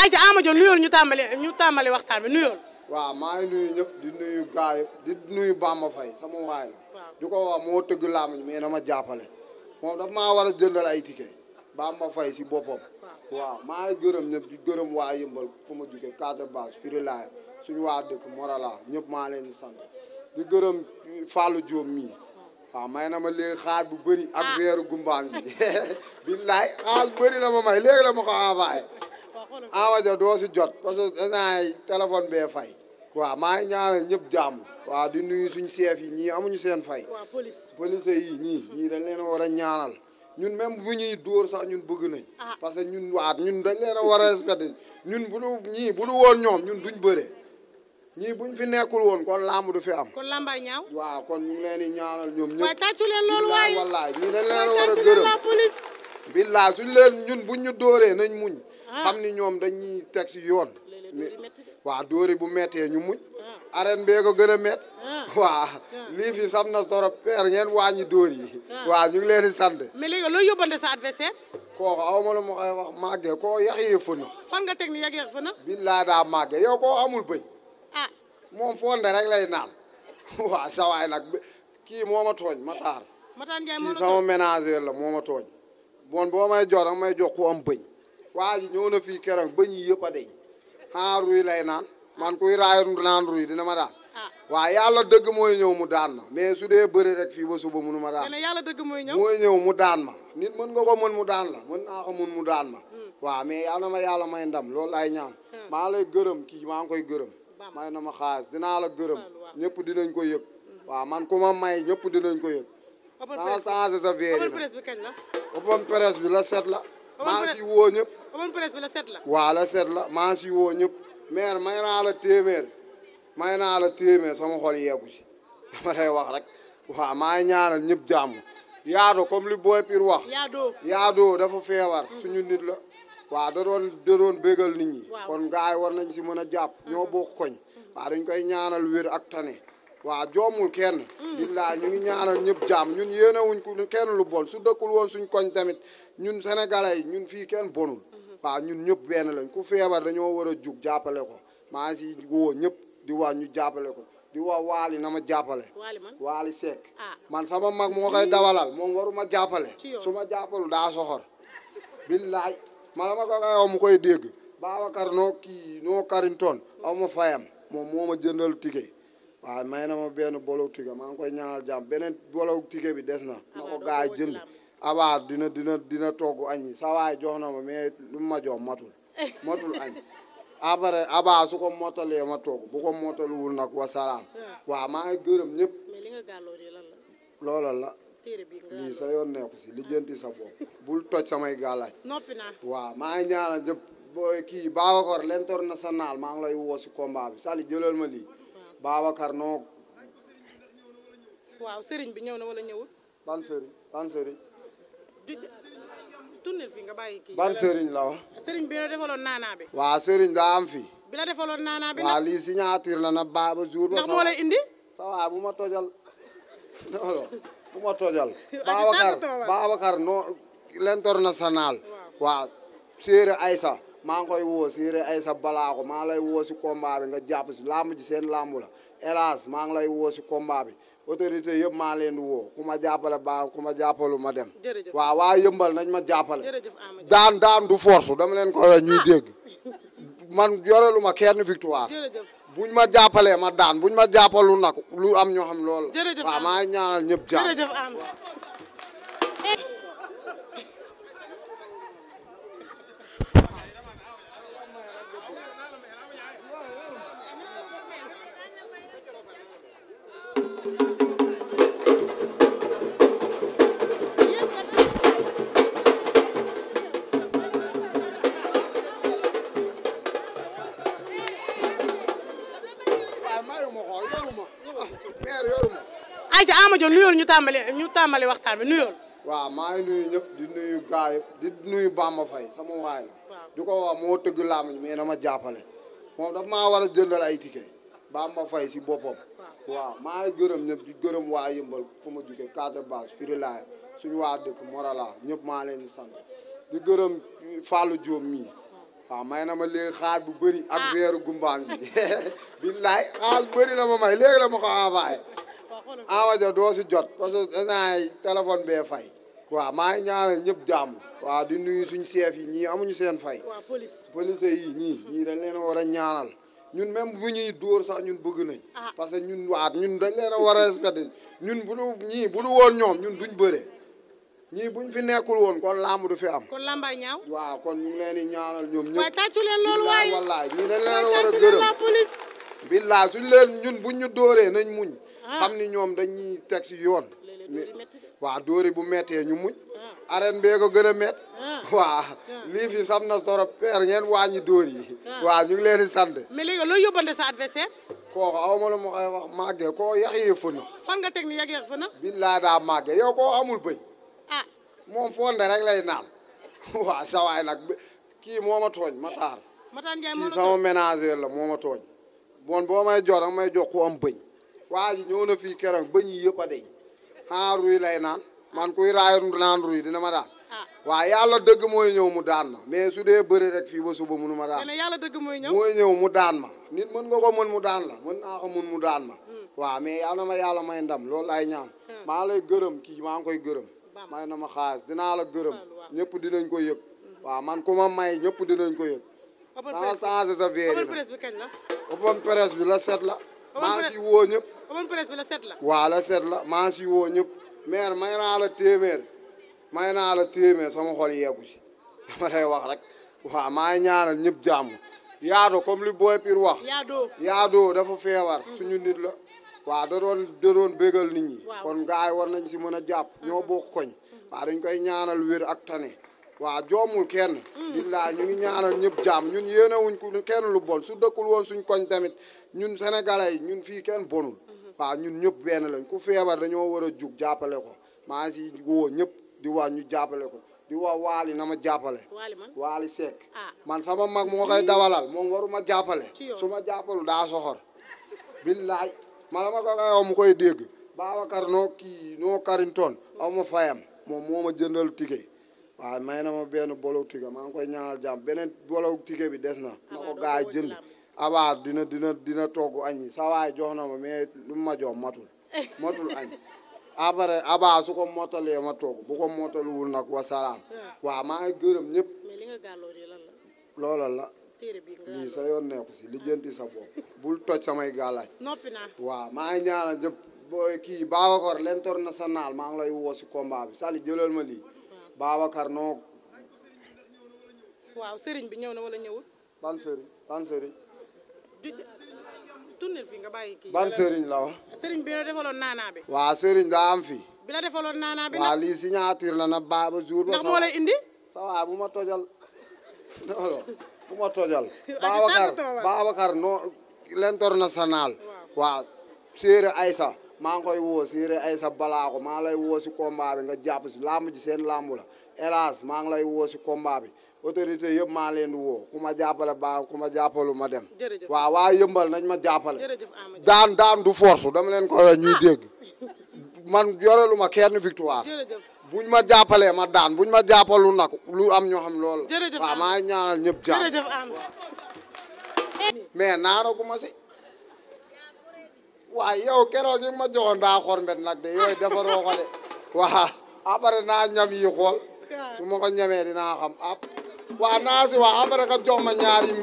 ayca Ama Diop nuyool ñu tàmbali ñu tàmbali waxtaan bi nuyool. waaw maa nuyu ñëpp di nuyu gars yëpp di nuyu Bamba Faye sama waay la. di ko moo tëgg laamañ mais na ma jàppale moom daf maa war a jëndal ay ticket ba Faye si boppam. waaw maa gërëm ñëpp di gërëm waa yëmbal fu ma jugee cadre base firi laay suñu waa dëkk Morala ñëpp maa leen di sant di gërëm Fallou Diop mii. waaw may na ma léegi xaas bu bëri ak ah. weeru gumbaan bi billaay xaas bëri la ma may léegi la ma ko envoyé envoyé ah, doo si jot parce que bee fay waaw maa ngi ñaanal ñëpp jàmm waaw di nuyu suñu chef yi ñii amuñu seen fay police yi ñii ñii dañ leen war ñaanal ñun même bu ñuy dóor sax ñun bëgg nañ ah. parce que ñun waat ñun dañ leen a war ñun bu du ñii ñoom ñun duñ bëree ñii buñ fi nekkul woon kon làmb du fi am. kon làmbaay ñaaw. waaw kon ñu ngi leen ñoom ñëpp. waaye loolu waaye a gërëm billaa suñ leen ñun buñ ñu dóoree nañ muñ. Ah. xam ni ñoom dañuy teg si yoon. waaw dóori bu méttee ñu muñ. Ah. arène bee ko gën a métti. Ah. waaw lii fi sam na soro peer ngeen wàññi dóor yi. waaw ñu ngi leen di sant. mais léegi looy yóbbante sa adversaire. kooku aw ma la ma koy wax màggee fan nga teg ni yax yee billaa daa màggee yow koo amul bëñ. moom fonde rek lay naan waaw sa waay nag kii moo ma tooñ ma taar kii sama ménager la moo ma tooñ bon boo may jox danga may jox ku am bëñ waa ji ñëw na fii keroog bëñ yi yëpp a deñ ah ruy lay naan man kuy raay naan ruy dina ma daan ah. waaw yàlla dëgg mooy ñëw mu daan ma mais su dee bëri rek fii ba suba mënu ma daan yàlla dëgg mooy ñëw ñëw mu daan ma nit mën nga ko mu daan la mën naa ko mu daan ma hmm. waaw yàlla na ma yàlla may ndam loolu hmm. maa lay gërëm kii maa ngi koy gërëm may na ma xaalis dinaa la gërëm ñëpp dinañ ko yëg waaw man ku ma may ñëpp dinañ ko yëg danga changé sa vie open presse bi la set la maa si woo ñëpp open la set la waaw maa si woo ñëpp maire may naa la téeméer may naa la téeméer sama xol yeegu si dama lay wax rek waaw maa ñaanal ñëpp jàmm yaado comme li booy pir wax yaado yaado feebar mm. suñu nit la waaw da doon da doon bégal nit kon gars war nañ si mën a jàpp ñoo bokk koñ waaw dañ koy ñaanal wér ak tane waa joomul kenn mm. billaay ñu ngi ñaanal ñëpp jàmm ñun wuñ ko kenn lu bon su dëkkul woon suñ koñ tamit ñun sénégalais yi ñun fii kenn bonul mm-hmm. waaw ñun ñëpp benn lañ ku feebar dañoo war a jug jàppale ko maa ngi si woo ñëpp di wax ñu jàppale ko di wax waali na ma jàppale waali seek ah. man sama mag moo koy dawalal moom waruma jàppale su ma jàppalu daa soxor billaay ma dama ko koy wax mu koy dégg Babacar noo kii noo aw ma fayam moom moo ma jëndal tigé waaw may na ma benn bolow ticket maa ngi koy ñaanal jàmm beneen bolow bi des na na ko gaa jënd abaa dina dina añi sa waay jox na ma mais lu ma jox matul matul añ après abaa su ko mottalee ma togg bu ko mottaluwul nag wasalaam ah. waaw maa ngi gërëm ñëpp mais li la lii sa yoon nekku si lijjanti sa bopp bul toj samay gàllaaj noppi naa waaw maa ngi ñaanal jëpp kii Babacar l'international maa lay woo si combat bi Sali jëlal ma lii Babacar noo waaw sëriñ bi ñëw na wala ñëwul ban sëriñ fi nga bàyyi kii la wax bi la defaloon naanaa bi sëriñ daa am fii bi la defaloon naanaa bi waaw lii signature la na ba ba jour ba sa waay bu ma tojal bu ma toojal Babacar Babacar non Séré Aïssa maa ngi koy woo Séré Aïssa balaa ko maa lay woo si combat bi nga jàpp si lamb ji seen lamb la hélas maa ngi lay woo si combat bi autorité yëpp maa leen di woo ku ma jàppale baax ku ma jàppalu ma dem waaw waa yëmbal nañ ma jàppale daan daan du force dama leen koy ñuy dégg ah. man yorelu ma victoire buñ ma jàppalee ma daan buñ ma jàppalu nag lu am ñoo xam loolu la. jërëjëf waaw maa ngi ñëpp jàpp Maama ñu tàmbali ñu tàmbali waxtaan bi nuyool. waaw maa ngi nuyu ñëpp di nuyu gars yi di nuyu Bamba Faye sama waay la. di ko wax moo tëgg laamañ mais dama jàppale moom daf maa war a jëndal ay ticket Bamba Faye si boppam. waaw maa gërëm ñëpp di gërëm waa yëmbal fu ma jugee cadre base firi laay suñu waa dëkk Morala ñëpp maa leen di di gërëm Fallou Diop mii waaw may na ma léegi xaar bu bëri ak ah. weeru gumbaan bi billaay xaar bëri la ma may léegi la ma ko envoyé doo si jot parce que instant yi téléphone bee fay. waaw maa ñaanal ñëpp jàmm. waaw di nuyu si chef yi ñii amuñu seen fay. waaw police police yi ñii ñii dañ leen a war a ñaanal ñun même bu ñuy dóor sax ñun bëgg nañ. Ah. que ñun waat ñun dañ a a respecté ñun bu du ñii du woon ñoom ñun duñ bëre. ñii buñ fi nekkul woon kon làmb du fi am. kon kon ñu ngi ñaanal ñoom ñëpp. waay tàccu leen waay wallaay ñii dañ leen a war a billaay suñ leen ñun buñ ñu dóoree nañ muñ Ah. xam ni ñoom dañuy teg si yoon waaw dóori bu mettee ñu muñ ah. arène bee ko gën a mett ah. waaw lii sam na soro peer ngeen wàññi dóor yi waaw ñu ngi leen di sant mais léegi loo yóbbante sa adversaire kooku aw ma la ma koy wax màggee koo yax yee fëna fan nga teg yow koo amul bëñ ah moom fonde rek lay naan waaw sawaay nag kii moo ma tooñ Matar Matar Ndiaye kii sama la moo ma tooñ bon boo may jox danga may jox ku am bëñ waa ji ñëw na fii keroog ba ñuy yëpp a deñ xanaa ruy lay naan man kuy raay naan ruy dina ma daan ah. waaw yàlla dëgg mooy ñëw mu daan ma mais su dee bëri rek fii ba suba mënu ma daan yàlla dëgg mooy ñëw ñëw mu daan ma nit mën nga ko mën mu daan la mën naa ko mën mu daan ma hmm. waaw mais yal na ma yàlla may ndam loolu laay ñaan hmm. maa lay gërëm kii maa ngi koy gërëm may na ma xaalis dinaa la gërëm ñëpp dinañ ko yëg waa man ku ma may ñëpp dinañ ko yëg sans sa vie open presse bi la open bi la set la maa si woo ñëpp. open la set la. la set la maa si woo ñëpp. maire may naa la téeméer may naa la téeméer sama xol yeegu si dama wax rek waaw maa ñaanal ñëpp jàmm. yaado comme li booy piir wax. yaado yaado dafa feebar suñu nit la. waa da doon da doon bégal nit ñi. kon gaay war nañ si mën a jàpp. ñoo mm-hmm. bokk koñ. waaw dañ koy ñaanal wér ak tane. waaw joomul kenn. Mm. billaay ñu ngi ñaanal ñëpp jàmm ñun yéene wuñ ko lu bon su dëkkul woon suñ koñ tamit. ñun sénégalais yi ñun fii kenn bonul waaw ñun ñëpp benn lañ ku feebar dañoo war a jug jàppale ko maa ngi si woo ñëpp di waa ñu jàppale ko di waa waali na ma jàppale waali seek ah. man sama mag moo koy dawalal moom waruma jàppale su ma jàppalu daa soxor billaay ma la ma ko koy mu koy dégg Babacar noo kii noo karintoon aw ma fayam moom moo ma jëndal ticket waaw may na ma benn bolow ticket maa ngi koy ñaanal jàmm beneen bolow ticket bi des na na ko gaa jënd abaa dina dina dina togg sa waay jox ma mais lu ma jox matul matul añ après abaa su ko mottalee ma togg bu ko mottaluwul nag wasalaam ah. waaw maa ngi gërëm ñëpp mais la loolal la lii sa yoon nekku si lijjanti sa bopp bul toj samay gàllaaj noppi naa waaw maa ngi ñaanal ñëpp lentor national maa ngi lay woo si combat bi sali jëlal ma lii Babacar noo sëriñ bi ñëw na wala ñëwul ban sëriñ tournel fi nga ban sëriñ la wax sëriñ bi la defaloon naanaa am fi bi la defaloon naanaa bi lii signature la na ba ba jour ba ndax moo lay indi ça va bu ma tojal bu ma tojal Babacar maa ngi koy woo séeré Aïssa balaa ko maa lay woo si combat bi nga jàpp si lamb ji seen lamb la hélas maa ngi lay woo si combat bi autorité yëpp maa leen woo ku ma jàppale baax ku ma jàppalu ma dem. waaw waa yëmbal nañ ma jàppale. daan du force dama leen ko waxee ñuy dégg man yorelu ma kenn victoire. buñ ma jàppalee ma daan buñ ma jàppalu nag lu am ñoo xam loolu. jërëjëf waaw maa ngi ñaanal ñëpp jàpp. mais naanagu si. waaw yow keroo yi ma joxoon daa xor mbet nag de yooyu defaroo ko de. waaw naa ñam yi su ma ko ñemee dinaa xam ab waaw naa si waaw après nga jox ma ñaar yi